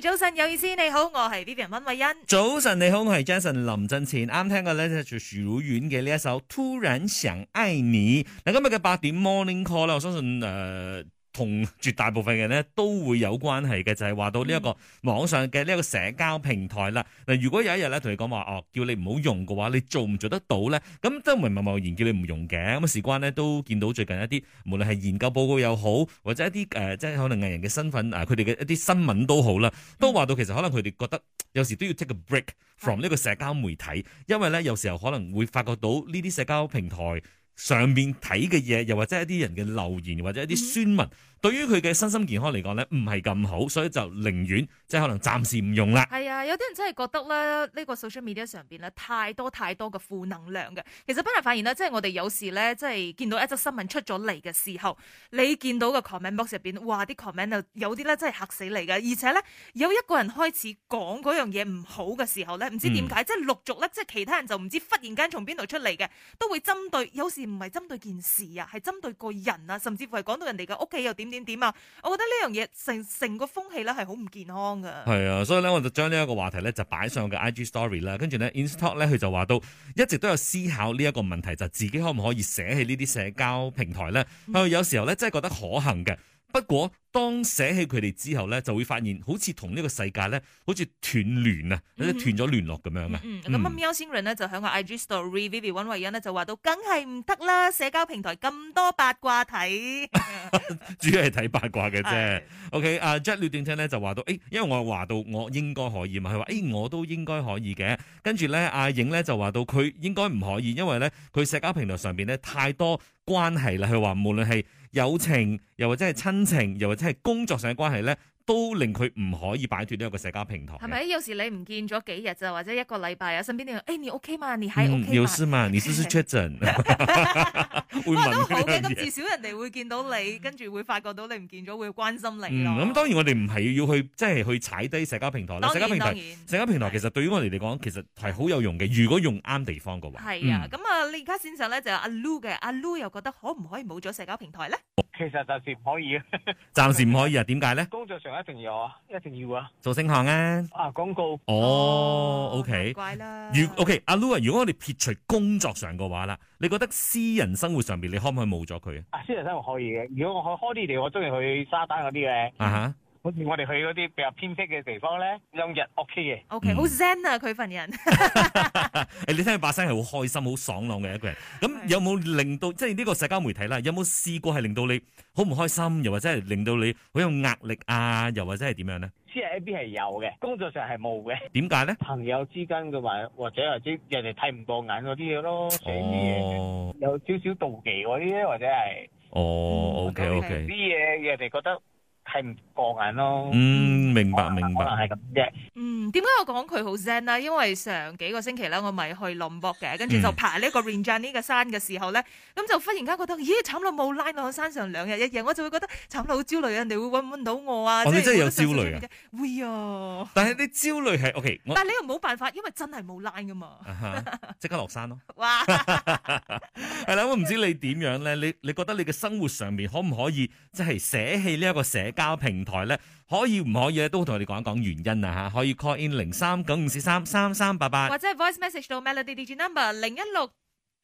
早晨有意思，你好，我係 Vivian 溫慧欣。早晨你好，我係 Jason 林振前。啱聽過咧就徐若瑄嘅呢一首《突然想愛你》。嗱，今日嘅八點 morning call 咧，我相信誒。呃同絕大部分嘅人都會有關係嘅，就係、是、話到呢一個網上嘅呢一個社交平台啦。嗱，如果有一日咧同你講話，哦，叫你唔好用嘅話，你做唔做得到咧？咁都唔係貿貿然叫你唔用嘅。咁事關咧都見到最近一啲，無論係研究報告又好，或者一啲誒、呃、即係可能藝人嘅身份啊，佢哋嘅一啲新聞都好啦，都話到其實可能佢哋覺得有時都要 take a break from 呢、嗯、個社交媒體，因為咧有時候可能會發覺到呢啲社交平台上面睇嘅嘢，又或者一啲人嘅留言，或者一啲宣文。嗯對於佢嘅身心健康嚟講咧，唔係咁好，所以就寧願即係可能暫時唔用啦。係啊，有啲人真係覺得咧，呢、這個 social media 上邊咧太多太多嘅負能量嘅。其實不難發現咧，即係我哋有時咧，即係見到一則新聞出咗嚟嘅時候，你見到個 comment box 入邊，哇，啲 comment 就有啲咧真係嚇死你㗎。而且咧，有一個人開始講嗰樣嘢唔好嘅時候咧，唔知點解、嗯，即係陸續咧，即係其他人就唔知忽然間從邊度出嚟嘅，都會針對，有時唔係針對件事啊，係針對個人啊，甚至乎係講到人哋嘅屋企又點點。點啊！我覺得呢樣嘢，成成個風氣咧係好唔健康噶。係啊，所以咧我就將呢一個話題咧就擺上我嘅 IG Story 啦。跟住咧，Instock 咧佢就話到一直都有思考呢一個問題，就係，自己可唔可以寫起呢啲社交平台咧？佢有時候咧真係覺得可行嘅，不過。當寫起佢哋之後咧，就會發現好似同一個世界咧，好似斷聯啊，或斷咗聯絡咁樣啊。咁阿喵星人咧就響個 IG Story Vivienne 揾慧恩呢，就話到，梗係唔得啦！社交平台咁多八卦睇，主要係睇八卦嘅啫。OK，阿 Jack 段青咧就話到，誒，因為我話到我應該可以嘛，佢話誒我都應該可以嘅。跟住咧，阿、啊、影咧就話到佢應該唔可以，因為咧佢社交平台上邊咧太多關係啦。佢話無論係友情又或者係親情又或者。係工作上嘅關係咧，都令佢唔可以擺脫呢一個社交平台，係咪？有時你唔見咗幾日就或者一個禮拜啊，身邊啲人誒，你 OK 嘛？你喺 O 唔有事嘛？你出陣？會問。都好嘅，咁至少人哋會見到你，跟住會發覺到你唔見咗，會關心你咁、嗯嗯、當然我哋唔係要去即係、就是、去踩低社交平台。當然當然。社交平台其實對於我哋嚟講，其實係好有用嘅。如果用啱地方嘅話，係、嗯、啊。咁啊，你而家線上咧就阿 Lu 嘅，阿 Lu 又覺得可唔可以冇咗社交平台咧？其實暫時唔可以嘅，暫 時唔可以啊？點解咧？工作上。一定要啊！一定要啊！做聲行啊！啊，廣告。哦，OK，怪啦。OK，阿 Lu 啊，如果，okay, ua, 如果我哋撇除工作上嘅話啦，你覺得私人生活上邊你可唔可以冇咗佢啊？啊，私人生活可以嘅。如果我開啲地，我鍾意去沙灘嗰啲嘅。啊哈。好似我哋去嗰啲比較偏僻嘅地方咧，兩日 O K 嘅，O K 好 Zen 啊佢份人。誒，你聽佢把聲係好開心、好爽朗嘅一個人。咁有冇令到即係呢個社交媒體啦？有冇試過係令到你好唔開心，又或者係令到你好有壓力啊？又或者係點樣咧？即係 A B 係有嘅，工作上係冇嘅。點解咧？朋友之間嘅話，或者或者人哋睇唔過眼嗰啲嘢咯，寫啲嘢有少少妒忌嗰啲咧，或者係哦，O K O K 啲嘢人哋覺得。睇唔過眼咯，嗯，明白明白，係咁啫。Yeah. 嗯，點解我講佢好正啊，因為上幾個星期咧，我咪去 Lombok 嘅，跟住就爬呢個 Rinjani 呢個山嘅時候咧，咁、嗯、就忽然間覺得，咦，慘到冇 line 喺山上兩日一夜，我就會覺得慘到好焦慮啊，人哋會搵唔到我啊，即係、哦、有焦慮，會啊、嗯。嗯、但係啲焦慮係 OK，但係你又冇辦法，因為真係冇 line 噶嘛，即、啊、刻落山咯。哇，係啦，我唔知你點樣咧，你你覺得你嘅生活上面可唔可以即係捨棄呢一個舍？教平台咧可以唔可以咧都同我哋講一講原因啊嚇，可以 call in 零三九五四三三三八八，或者係 voice message 到 Melody Digit number 零一六。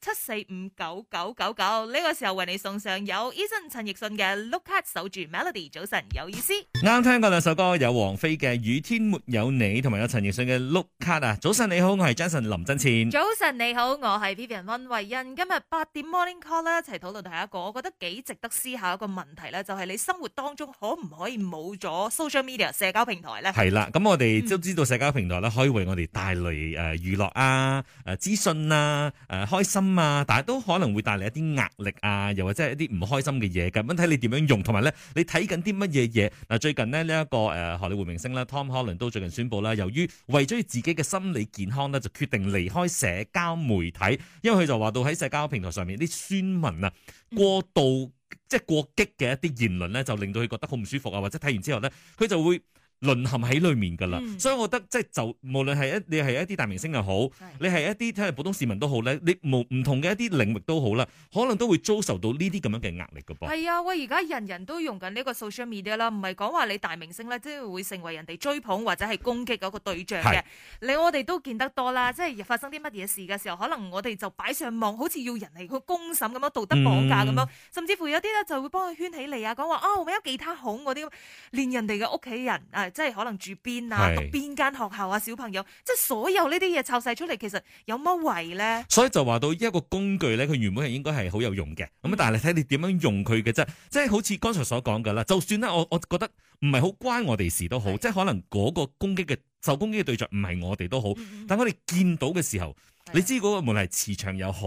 七四五九九九九呢個時候為你送上有 Eason 陳奕迅嘅 look Cat 守住 Melody 早晨有意思啱聽過兩首歌有王菲嘅雨天沒有你同埋有陳奕迅嘅 look Cat 啊早晨你好我係 Jason 林振前早晨你好我係 Vivian 温慧欣今日八點 morning call 啦一齊討論下一個我覺得幾值得思考一個問題咧就係、是、你生活當中可唔可以冇咗 social media 社交平台咧係啦咁我哋都知道社交平台咧可以為我哋帶嚟誒娛樂啊誒資訊啊誒開心。嗯嗯嘛，但係都可能會帶嚟一啲壓力啊，又或者係一啲唔開心嘅嘢嘅。噉睇你點樣用，同埋咧你睇緊啲乜嘢嘢嗱？最近呢，呢、這、一個誒荷里活明星咧，Tom Holland 都最近宣布咧，由於為咗自己嘅心理健康咧，就決定離開社交媒體，因為佢就話到喺社交平台上面啲宣文啊過度即係過激嘅一啲言論咧，就令到佢覺得好唔舒服啊，或者睇完之後咧，佢就會。淪陷喺裏面噶啦，所以我覺得即係就無論係一你係一啲大明星又好，你係一啲即係普通市民都好咧，你無唔同嘅一啲領域都好啦，可能都會遭受到呢啲咁樣嘅壓力噶噃。係啊，喂！而家人人都用緊呢個 social media 啦，唔係講話你大明星咧，即係會成為人哋追捧或者係攻擊嗰個對象嘅。你我哋都見得多啦，即係發生啲乜嘢事嘅時候，可能我哋就擺上網，好似要人嚟去公審咁樣，道德綁架咁樣，甚至乎有啲咧就會幫佢圈起嚟啊，講話哦，有其他好嗰啲，連人哋嘅屋企人啊～即係可能住邊啊，是讀邊間學校啊，小朋友，即係所有呢啲嘢湊晒出嚟，其實有乜為咧？所以就話到一個工具咧，佢原本係應該係好有用嘅，咁、嗯、但係你睇你點樣用佢嘅啫。即係好似剛才所講噶啦，就算咧，我我覺得唔係好關我哋事都好，是即係可能嗰個攻擊嘅受攻擊嘅對象唔係我哋都好，嗯嗯但係我哋見到嘅時候。 你知嗰個無論係磁場又好，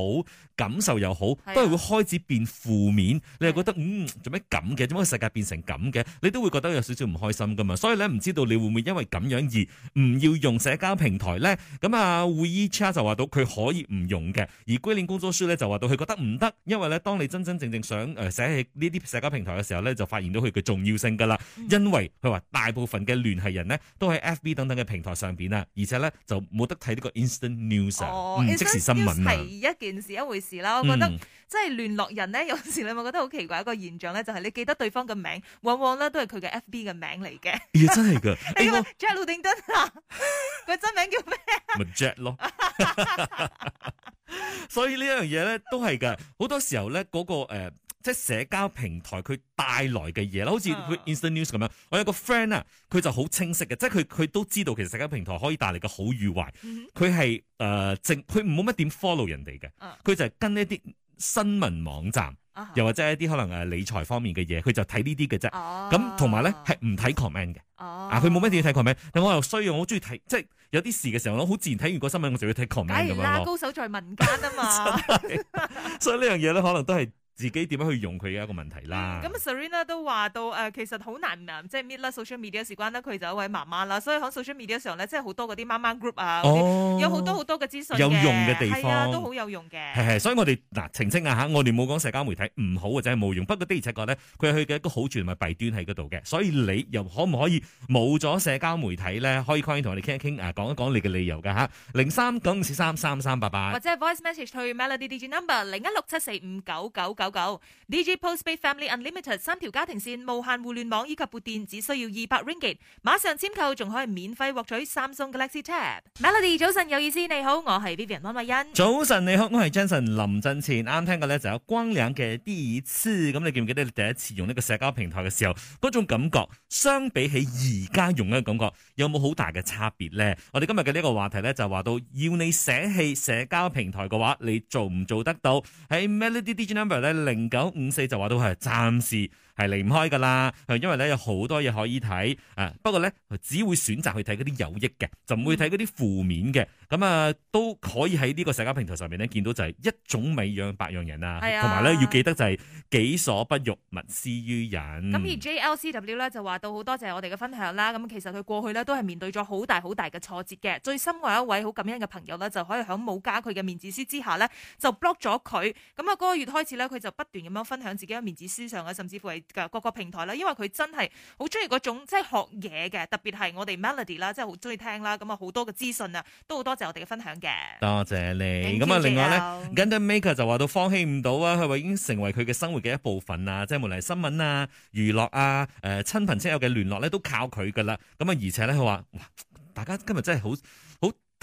感受又好，都係會開始變負面。你又覺得 嗯，做咩咁嘅？點解世界變成咁嘅？你都會覺得有少少唔開心噶嘛所以咧，唔知道你會唔會因為咁樣而唔要用社交平台咧？咁啊，WeChat 就話到佢可以唔用嘅，而歸領工作書咧就話到佢覺得唔得，因為咧當你真真正，正正想誒寫喺呢啲社交平台嘅時候咧，就發現到佢嘅重要性噶啦嗯、因為佢話大部分嘅聯繫人呢，都喺 FB 等等嘅平台上邊喇，而且咧就冇得睇呢個 Instant News、哦嗯、即時新聞要提一件事一回事啦，我覺得、嗯、即係聯絡人咧，有時你有冇覺得好奇怪一個現象咧？就係、是、你記得對方嘅名，往往咧都係佢嘅 FB 嘅名嚟嘅。咦、欸，真係噶？欸、 你話 Jet Luddington 啊？佢 真名叫咩？咪 Jack 咯。 所以呢樣嘢咧都係嘅，好多時候咧、那、嗰個誒。呃即係社交平台佢帶來嘅嘢啦，好似佢 Instant News 咁樣。我有個 friend 啊，佢就好清晰嘅，即係佢佢都知道其實社交平台可以帶嚟嘅好與壞。佢係誒，淨佢冇乜點 follow 人哋嘅，佢就係跟一啲新聞網站，又或者一啲可能係理財方面嘅嘢，佢就睇呢啲嘅啫。咁同埋咧係唔睇 comment 嘅，啊佢冇乜點睇 comment。但我又衰啊，我好中意睇，即係有啲事嘅時候我好自然睇完個新聞，我就會睇 comment 咁樣。高手在民間啊嘛，所以呢樣嘢咧，可能都係。自己點樣去用佢嘅一個問題啦。咁啊，Serena 都話到誒，其實好難，即係 media 啦 social media 事關佢就一位媽媽啦。所以喺 social media 上咧，即係好多嗰啲媽媽 group 啊，有好多好多嘅資訊有用嘅地方，都好有用嘅。所以我哋嗱澄清啊嚇，我哋冇講社交媒體唔好或者冇用，不過的而且確咧佢去嘅一個好處同埋弊端喺嗰度嘅。所以你又可唔可以冇咗社交媒體咧？可以快啲同我哋傾一傾啊，講一講你嘅理由嘅嚇。零三九五四三三三八八，或者 voice message 去 Melody D G number 零一六七四五九九九。九九 Digi Postpaid Family Unlimited 三條家庭線無限互聯網以及撥電只需要二百 Ringgit，馬上簽購仲可以免費獲取三星 Galaxy Tab。Melody 早晨，有意思，你好，我係 Vivian 溫慧欣。早晨你好，我係 Jason 林振前。啱聽個咧就有光亮嘅第一次，咁你記唔記得你第一次用呢個社交平台嘅時候嗰種感覺，相比起而家用嘅感覺，有冇好大嘅差別咧？我哋今日嘅呢個話題咧就話到要你捨棄社交平台嘅話，你做唔做得到？喺、hey, Melody DJ Number 咧。零九五四就話都係暫時。係離唔開㗎啦，係因為咧有好多嘢可以睇，啊不過咧只會選擇去睇嗰啲有益嘅，就唔會睇嗰啲負面嘅。咁啊都可以喺呢個社交平台上面咧見到就係一種米養百樣人啊，同埋咧要記得就係、是、己所不欲，勿施於人。咁而 JLCW 咧就話到好多謝我哋嘅分享啦。咁其實佢過去咧都係面對咗好大好大嘅挫折嘅。最深嘅一位好感恩嘅朋友咧，就可以喺冇加佢嘅面子書之下咧就 block 咗佢。咁啊嗰個月開始咧，佢就不斷咁樣分享自己嘅面子書上啊，甚至乎係。嘅各個平台啦，因為佢真係好中意嗰種即係學嘢嘅，特別係我哋 Melody 啦，即係好中意聽啦。咁啊，好多嘅資訊啊，都好多謝我哋嘅分享嘅。多謝你。咁啊，另外咧，跟住 Maker 就話到放棄唔到啊，佢話已經成為佢嘅生活嘅一部分啊，即係無論新聞啊、娛樂啊、誒、呃、親朋戚友嘅聯絡咧，都靠佢噶啦。咁啊，而且咧，佢話哇，大家今日真係好～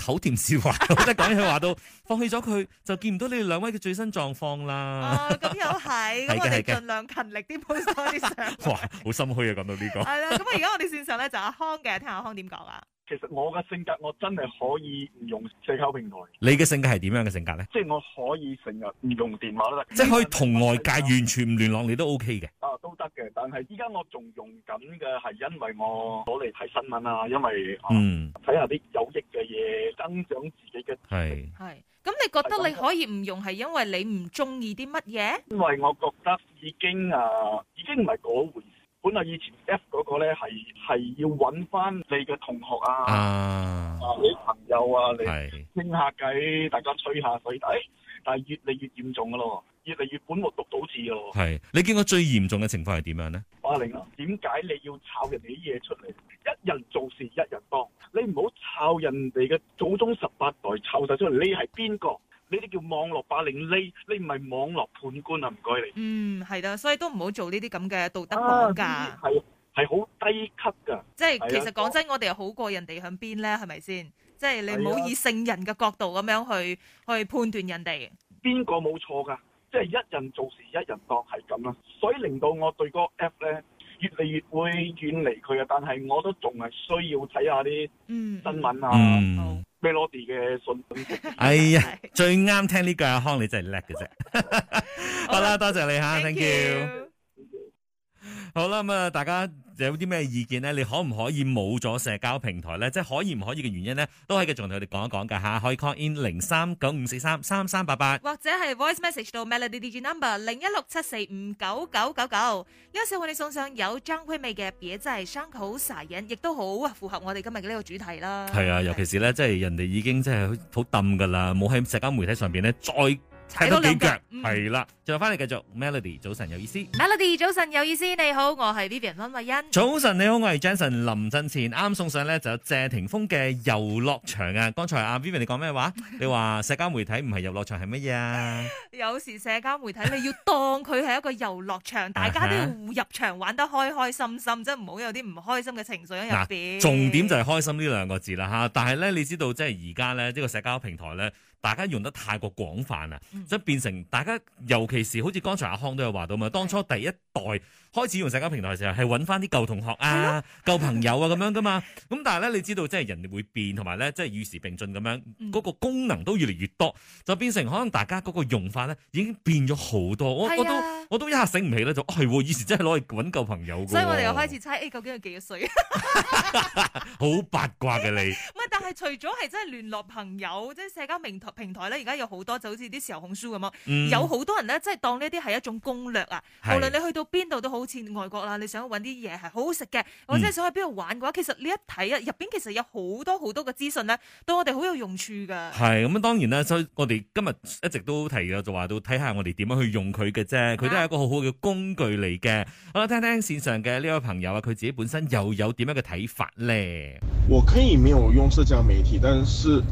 口甜笑話，即係講起佢話,話到放棄咗佢，就見唔到你哋兩位嘅最新狀況啦。哦，咁又係，咁 的我哋盡量勤力啲 post 多啲相。哇， 好心虛啊，講到呢、這個。係啦、 嗯，咁啊，而家我哋線上咧就是、阿康嘅，聽下阿康點講啦。其實我嘅性格，我真係可以唔用社交平台。你嘅性格係點樣嘅性格咧？即係我可以成日唔用電話都得。即係可以同外界完全唔聯絡，你都 OK 嘅。都得嘅，但係依家我仲用緊嘅係因為我攞嚟睇新聞啊，因為嗯，睇下啲有益嘅嘢，增長自己嘅係。係，咁你覺得你可以唔用係因為你唔中意啲乜嘢？因為我覺得已經啊，已經唔係嗰回事。本嚟，以前 F 嗰個咧，係係要揾翻你嘅同學啊，啊，啊，你朋友啊嚟傾下偈，是大家吹下水。哎，但係越嚟越嚴重噶咯，越嚟越本末讀倒置咯。係，你見過最嚴重嘅情況係點樣咧？八零咯，點解你要抄人哋啲嘢出嚟？一人做事一人當，你唔好抄人哋嘅祖宗十八代，抄晒出嚟。你係邊個？呢啲叫網絡霸凌，呢你唔係網絡判官啊！唔該你。嗯，係啦，所以都唔好做呢啲咁嘅道德綁架。係係好低級㗎。即係是的其實講真，哦、我哋又好過人哋響邊咧，係咪先？即係你唔好以聖人嘅角度咁樣去去判斷人哋。邊個冇錯㗎？即、就、係、是、一人做事一人當係咁啦。所以令到我對嗰個 app 咧，越嚟越會遠離佢啊！但係我都仲係需要睇下啲新聞啊。嗯嗯咩羅迪嘅信？哎呀，最啱聽呢句阿康，你真係叻嘅啫！好啦，多謝你吓，Thank, Thank you。好啦，咁啊，大家有啲咩意見咧？你可唔可以冇咗社交平台咧？即係可以唔可以嘅原因咧，都可以繼續同我哋講一講嘅吓，可以 call in 零三九五四三三三八八，或者係 voice message 到 Melody DJ number 零一六七四五九九九九，呢一次我哋送上有張惠味嘅嘢，真係 sound 好吸引，亦都好符合我哋今日嘅呢個主題啦。係啊，尤其是咧，即係人哋已經真係好抌噶啦，冇喺社交媒體上邊咧再。睇多幾腳，係啦，再翻嚟繼續。Melody 早晨有意思，Melody 早晨有意思，你好，我係 Vivian 溫慧欣。早晨你好，我係 Jason 林振前。啱啱送上咧就有謝霆鋒嘅遊樂場啊！剛才阿、啊、Vivian 你講咩話？你話社交媒體唔係遊樂場係乜嘢啊？ 有時社交媒體你要當佢係一個遊樂場， 大家都要互入場，玩得開開心心，即係唔好有啲唔開心嘅情緒喺入邊。重點就係開心呢兩個字啦，吓！但係咧，你知道即係而家咧呢個社交平台咧。 大家用得太過廣泛啦，即係變成大家，尤其是好似剛才阿康都有話到嘛，當初第一代開始用社交平台嘅時候，係揾翻啲舊同學啊、的舊朋友啊咁樣噶嘛。咁但係咧，你知道即係人會變，同埋咧即係與時並進咁樣，嗰、嗰個功能都越嚟越多，就變成可能大家嗰個用法咧已經變咗好多。我我都。我都一下醒唔起咧，就係、啊、以前真係攞嚟揾舊朋友，所以我哋又開始猜、哎、究竟係幾多歲？ 好八卦嘅你。唔係， 但係除咗係真係聯絡朋友，即係社交平台平台咧，而家有好多就好似啲時候紅書咁咯。嗯、有好多人咧，即係當呢啲係一種攻略啊。無是論你去到邊度都好似外國啦、啊，你想去揾啲嘢係好好食嘅，或者想去邊度玩嘅話，嗯、其實你一睇啊，入邊其實有好多好多嘅資訊咧，對我哋好有用處㗎。係咁啊，當然啦，所以我哋今日一直都提嘅，就話到睇下我哋點樣去用佢嘅啫，嗯一個好好嘅工具嚟嘅，我哋聽聽綫上嘅呢位朋友啊，佢自己本身又有點樣嘅睇法咧。我可以沒有用社交媒體，但是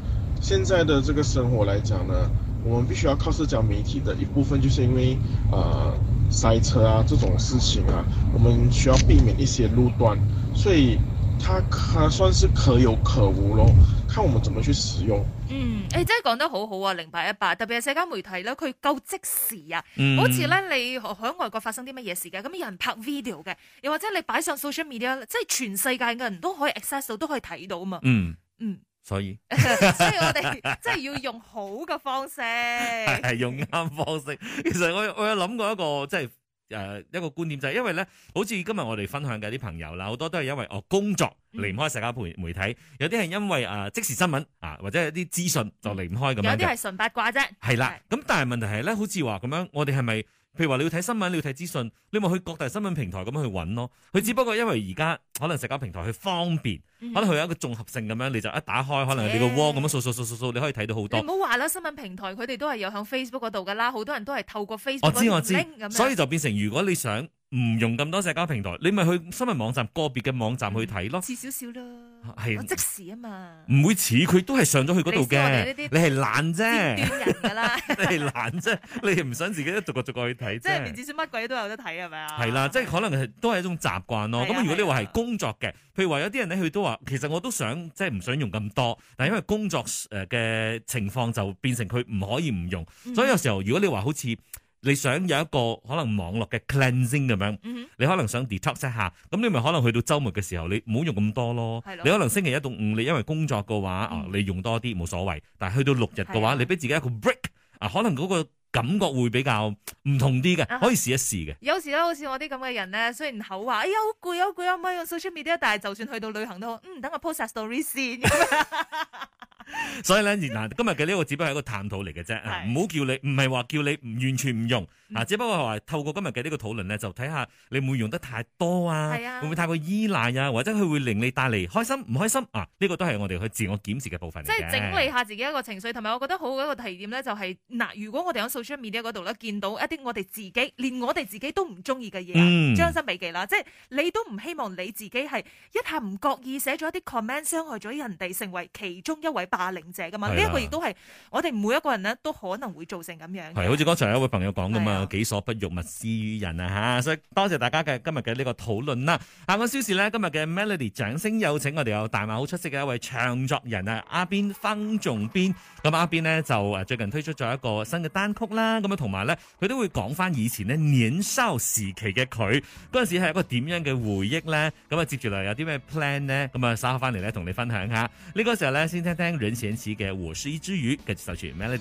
現在的這個生活來講呢，我們必須要靠社交媒體的一部分，就是因為啊、呃、塞車啊這種事情啊，我們需要避免一些路段，所以它可算是可有可無咯。看我們怎麼去使用。嗯，誒、欸，真係講得好好啊，明白一白。18, 特別係社交媒體咧，佢夠即時啊。嗯。好似咧，你喺外國發生啲乜嘢事嘅，咁有人拍 video 嘅，又或者你擺上 social media，即係全世界嘅人都可以 access 到，都可以睇到啊嘛。嗯。嗯，所以， 所以我哋即係要用好嘅方式，係 用啱方式。其實我我有諗過一個，即係。誒、呃、一個觀點就係因為咧，好似今日我哋分享嘅啲朋友啦，好多都係因為我工作離唔開社交媒媒體，有啲係因為誒、呃、即時新聞啊，或者一啲資訊就離唔開咁樣，嗯。有啲係純八卦啫。係啦，咁的但係問題係咧，好似話咁樣，我哋係咪？譬如話你要睇新聞，你要睇資訊，你咪去各大新聞平台咁樣去揾咯。佢只不過因為而家可能社交平台佢方便，嗯、可能佢有一個綜合性咁樣，你就一打開可能你個 wall 咁樣掃掃掃掃掃，你可以睇到好多。唔好話啦，新聞平台佢哋都係有響 Facebook 嗰度噶啦，好多人都係透過 Facebook。我知我知，所以就變成如果你想。唔用咁多社交平台，你咪去新聞網站個別嘅網站去睇咯。似少少咯，係是即時啊嘛，唔會似佢都係上咗去嗰度嘅。你呢啲，你係懶啫。斷人噶啦， 你係懶啫， 你唔想自己一逐個逐個去睇。即係，連至少乜鬼都有得睇係咪啊？係啦，即係可能係都係一種習慣咯。咁、啊、如果你話係工作嘅，譬、啊啊、如話有啲人咧，佢都話其實我都想即係唔想用咁多，但係因為工作誒嘅情況就變成佢唔可以唔用。嗯、所以有時候如果你話好似。你想有一個可能網絡嘅 cleansing 咁樣，嗯、哼你可能想 detox 一下，咁你咪可能去到周末嘅時候，你唔好用咁多咯。的你可能星期一到五你因為工作嘅話，嗯、啊你用多啲冇所謂，但係去到六日嘅話，的你俾自己一個 break，啊可能嗰個感覺會比較唔同啲嘅，可以試一試嘅、啊。有時咧，好似我啲咁嘅人咧，雖然口話，哎呀好攰啊攰啊，唔係、嗯、用 social media，但係就算去到旅行都，嗯等我 post 下 story 先。 所以咧，嗱是，今日嘅呢個只不過係一個探討嚟嘅啫，唔好叫你，唔係話叫你唔完全唔用，嗱，只不過係話透過今日嘅呢個討論咧，就睇下你會唔會用得太多啊？係啊，會唔會太過依賴啊？或者佢會令你帶嚟開心唔開心？啊，呢、這個都係我哋去自我檢視嘅部分。即係整理下自己一個情緒，同埋我覺得好一個提點咧、就是，就係嗱，如果我哋喺 social media 嗰度咧，見到一啲我哋自己連我哋自己都唔中意嘅嘢，將、嗯、心比己啦，即、就、係、是、你都唔希望你自己係一下唔覺意寫咗一啲 comment 傷害咗人哋，成為其中一位啊，零借噶嘛？呢一個亦都係我哋每一個人咧，都可能會造成咁樣。係，好似剛才有一位朋友講噶啊，「己所不欲，勿施於人啊！吓、啊，所以多謝大家嘅今日嘅呢個討論啦。下個消息咧，今日嘅 Melody 掌聲，有請我哋有大馬好出色嘅一位唱作人啊，阿邊分仲邊。咁、啊、阿邊呢，就誒最近推出咗一個新嘅單曲啦。咁啊，同埋咧，佢都會講翻以前呢年少時期嘅佢嗰陣時係一個點樣嘅回憶咧。咁、嗯、啊，接住嚟有啲咩 plan 咧？咁、嗯、啊，稍翻嚟咧同你分享下。呢、這個時候咧，先聽聽，聽。任賢齊嘅《我是一隻魚》，跟住上去 Melody。Mel